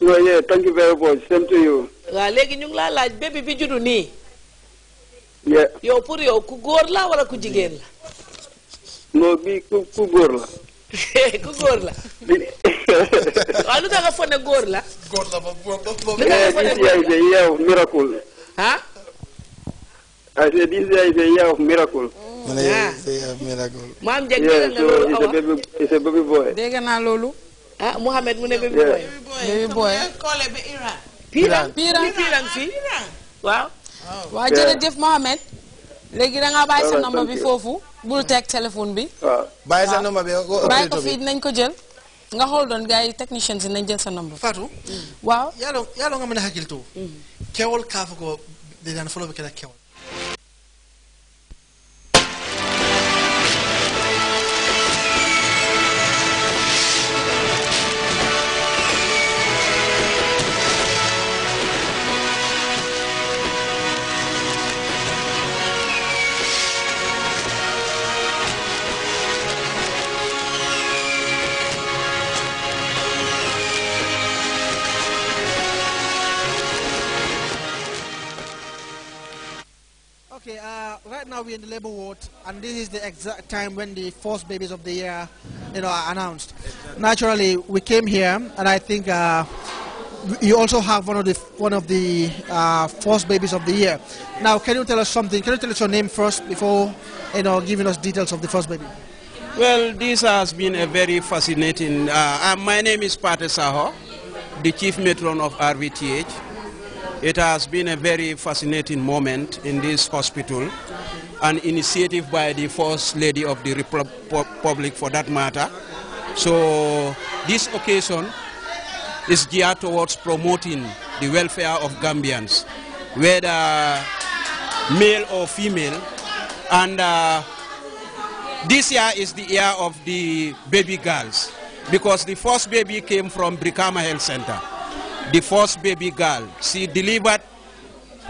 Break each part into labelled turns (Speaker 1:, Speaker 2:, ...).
Speaker 1: no yeah thank you very much same to you.
Speaker 2: waaw léegi ñu ngi laa laaj bébé bi juddu nii. yeah yow pour yow ku góor la wala ku jigéen la.
Speaker 1: non bii ku ku góor la.
Speaker 2: ku góor la. waaw lu tax nga fone góor la. góor la ba ba
Speaker 1: ba. la yow miracle. ah. I said
Speaker 2: ah. loolu. ah Mouhamed mu ne baby boy. baby boy koole bi Iran. Piran Piran Piran fii waaw. Oh. waaw jërëjëf Mouhamed. léegi da ngaa bàyyi sa number bi foofu. bul teg téléphone bi.
Speaker 3: waaw ah. bàyyi sa number bi bàyyi ko fii
Speaker 2: dinañ ko jël. nga xool doon gars yi techniciens yi nañ jël sa number. Fatou.
Speaker 3: waaw yàlla yàlla nga mën a xakiltu. Mm. kewal kaafu ko dinañ follow bi kenn ak kewal. right now we're in the labor ward, and this is the exact time when the first babies of the year, you know, are announced. Exactly. Naturally, we came here, and I think uh, you also have one of the one of the uh, first babies of the year. Now, can you tell us something? Can you tell us your name first before, you know, giving us details of the first baby?
Speaker 1: Well, this has been a very fascinating. Uh, uh my name is Pate Saho, the chief matron of RVTH. It has been a very fascinating moment in this hospital, an initiative by the First Lady of the Republic for that matter. So this occasion is geared towards promoting the welfare of Gambians, whether male or female. And uh, this year is the year of the baby girls because the first baby came from Brikama Health Center the first baby girl. She delivered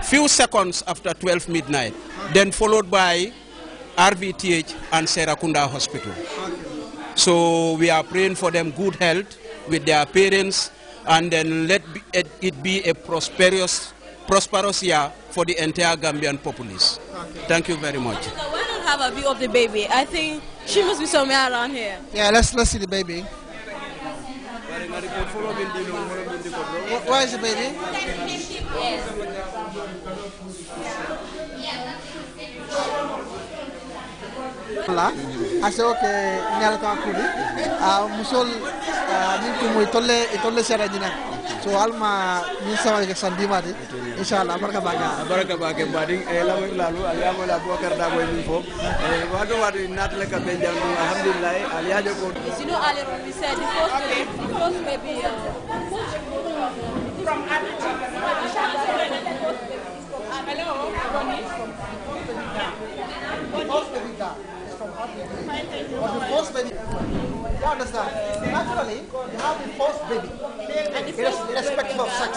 Speaker 1: few seconds after 12 midnight, then followed by RVTH and Serakunda Hospital. So we are praying for them good health with their parents and then let it be a prosperous, prosperous year for the entire Gambian populace. Thank you very much.
Speaker 2: Why not have a view of the baby? I think she must be somewhere around here.
Speaker 1: Yeah, let's,
Speaker 3: let's see the baby.
Speaker 1: Where is the baby?
Speaker 3: Là, I say okay, ni ada tak Ah, uh, musul, uh, ni tu mui tolle, tolle so alma min sawa ke sandimade inchallah barka bake
Speaker 1: barka bake e eh, lalu alyamoyla bokar dagoye min foof eh, wato waɗi natale ka ɓe jam ɗum alhamdulillah alyajo ko sino ale
Speaker 2: we said the first day the first may be uh,
Speaker 3: from Hello, But the first baby, you understand? Naturally, you have the first baby. And the first irrespective of sex.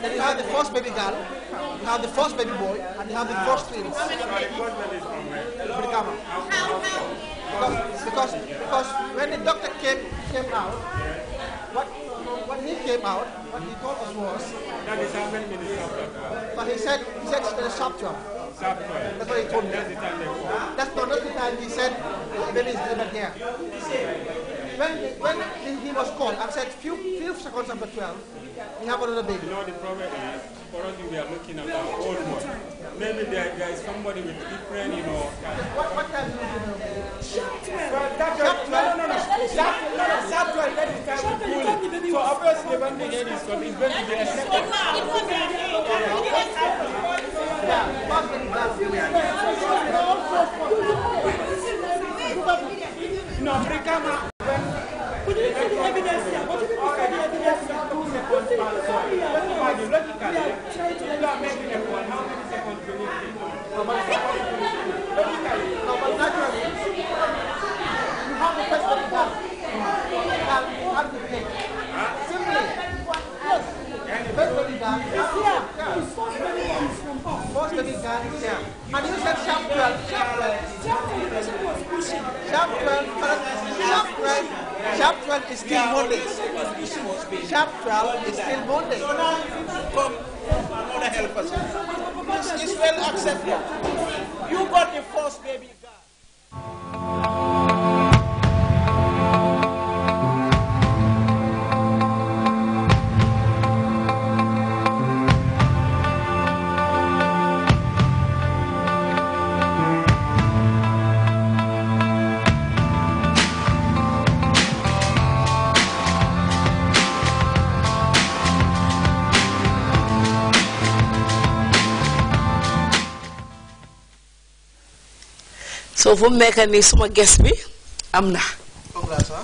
Speaker 3: Then you have the first baby girl, you have the first baby boy, and you have the first twins. Because, because, because when the doctor came, came out, what, when he came out, what he told us was... That is how many minutes But he said, he said it's a sharp job. That's what he told me. That's not the time he said, the baby is delivered here when, when he was called, I said few, few seconds after 12, we have another baby. You know, the problem is, for us, we are looking at our old one. Maybe there, there is somebody with different, you know. What, what time do you know? Sharp 12. Well, that Sharp 12? No, no, no. Sharp 12. Sharp 12, that is time to pull it. So obviously, when the head is coming, it's going to be a second. Yeah, chapter 12 is
Speaker 1: still Monday. So now if you should come, Mother help us. It's, it's well accepted. You got the first baby girl.
Speaker 2: soo fu mu nekk nii suma ges bi am na.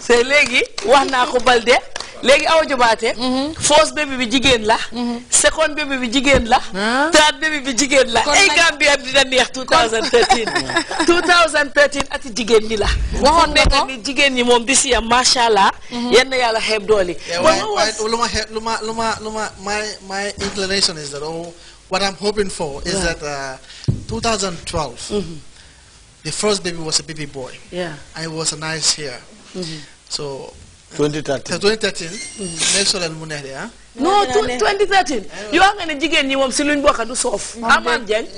Speaker 2: c'est léegi wax naa ko Balde léegi aw jubaate mm-hmm. first baby bi jigéen la mm-hmm. second baby bi jigéen la ah. third baby bi jigéen la ay Gambia dina neex 2013 2013 jigéen ñi la waxoon nekk ni
Speaker 3: jigéen ñi moom di si yam macha allah
Speaker 2: mm-hmm. yenn yàlla
Speaker 3: xeeb doole lu ma xeeb lu ma lu ma lu ma my my inclination is that oh, what I'm hoping The first baby was a baby boy. Yeah. And it was a nice hair. Mm -hmm. So. 2013. 2013. Mm-hmm. next soo leen mu neex de ah.
Speaker 2: non 2013. yoo xam ne jigéen ñi moom si luñ bokk du soof. amaan jeng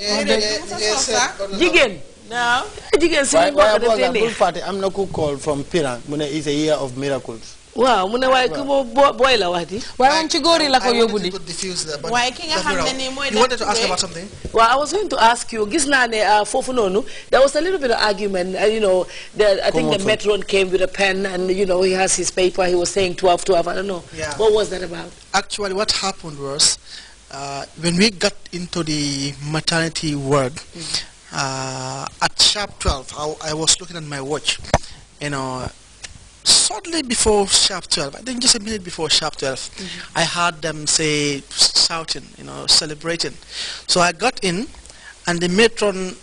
Speaker 2: jigéen. waaw jigéen si luñ bokk daf leen neex. waaye bul
Speaker 3: fàtte am na ku call from Pirang mu ne is a year of miracles.
Speaker 2: waaw mu ne waaye ku boobu booy la wax di. waaye moom ci góor yi la ko yóbbu di.
Speaker 3: waaye ki nga xam ne nii mooy
Speaker 2: waaw I was going to ask you gis naa uh, there was a little bit of argument uh, you know the, I think the metron came with a pen and you know he has his paper he was saying 12 12 I don't know. Yeah. What was that about?
Speaker 3: Actually what happened was uh, when we got into the maternity ward mm. uh, at sharp 12 I, I was looking at my watch you know shortly before sharp 12, I think just a minute before sharp 12, mm -hmm. I heard them say, shouting, you know, celebrating. So I got in, and the matron,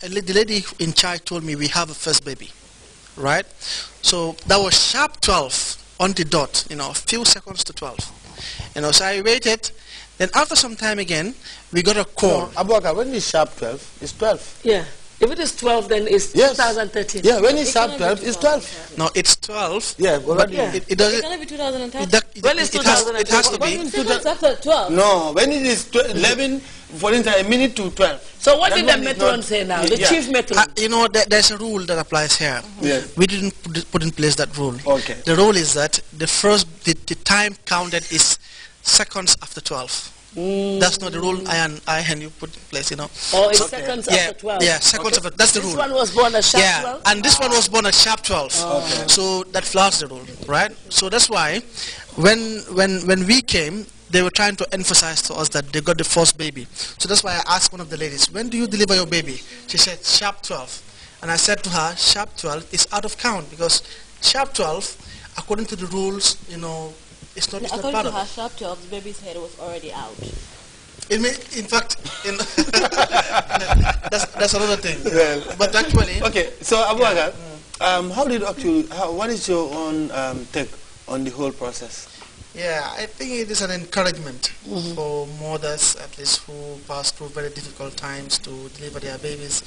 Speaker 3: the lady in charge told me, we have a first baby, right? So that was sharp 12 on the dot, you know, a few seconds to 12. You know, so I waited. Then after some time again, we got a call. No, Abuaka, when is sharp 12? It's 12. Yeah. If it is 12, then it's yes. 2013. Yeah, when it's sub 12, it's 12. No, it's 12. Yeah, but Yeah. It, it doesn't.
Speaker 2: It be 2013. It, it, well, it's it, has, it has to be. When it's after 12. No,
Speaker 3: when it is 11, for instance, a minute to 12. So what that did the matron say now? The yeah. chief matron. Uh, you know, there, there's a rule that applies here. Mm -hmm. yes. We didn't put in place that rule. Okay. The rule is that the first, the, the time counted is seconds after 12. Mm. That's not the rule I and I and you put in place, you know. Oh, it's so, seconds yeah. after 12. Yeah, seconds okay. after. That's the rule. This one was born at sharp yeah. 12? and this ah. one was born at sharp 12. Oh. Okay. So that flouts the rule, right? So that's why when, when, when we came, they were trying to emphasize to us that they got the first baby. So that's why I asked one of the ladies, when do you deliver your baby? She said, sharp 12. And I said to her, sharp 12 is out of count because sharp 12, according to the rules, you know, it's not, it's According not part to her,
Speaker 1: sharp 12, the baby's head was already out.
Speaker 3: It may, in fact, in that's, that's another thing. Well, but actually... Okay, so Abuaga, yeah. um, how did actually, how, what is your own um, take on the whole process? Yeah, I think it is an encouragement mm -hmm. for mothers, at least who pass through very difficult times to deliver their babies.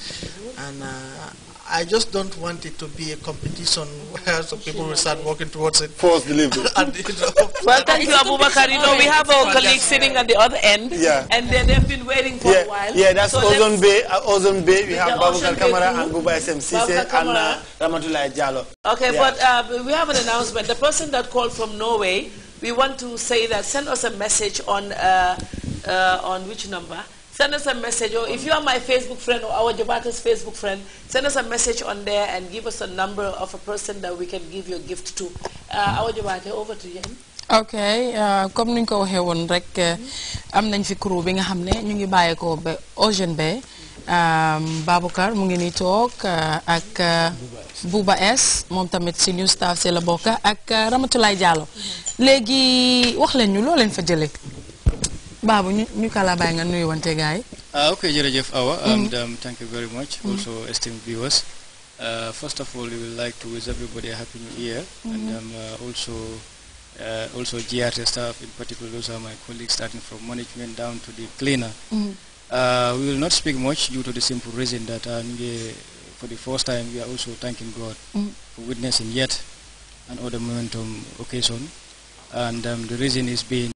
Speaker 3: And uh, I just don't want it to be a competition where some people will start working towards it. Forced delivery. and, you know, well, thank you, Abubakar. You know, we have our colleague
Speaker 2: sitting at the other end. Yeah. And then they've been waiting for yeah. a while. Yeah, that's so Ozone Bay.
Speaker 3: Uh, Ozone Bay, we have Babakar Kamara and Guba SMC and uh, Ramatullah Jalo.
Speaker 2: Okay, yeah. but uh, we have an announcement. The person that called from Norway, we want to say that send us a message on, uh, uh on which number? send us a message or if you are my Facebook friend or our Jabata's Facebook friend, send us a message on there and give us a number of a person that we can give your gift to. Uh, our Jabata, ok uh, comme niñ ko waxee woon rek uh, am nañ fi crew bi nga xam ne ñu ngi bàyyeekoo ba Ocean Bay um, Baboucar mu ngi nii toog ak Bouba S moom tamit si new staff si la bokk ak Ramatoulaye Diallo léegi wax leen ñu loo leen fa jële Babu, ah,
Speaker 3: okay, jërëjëf Awa and um, mm. um, thank you very much mm. also esteemed viewers. Uh, first of all, we would like to wish everybody a happy new year and mm-hmm. um, uh, also uh, also GRT staff, in particular those are my colleagues starting from management down to the cleaner. Mm. Uh, we will not speak much due to the simple reason that uh, for the first time we are also thanking God mm. for witnessing yet another momentum occasion and um, the reason is being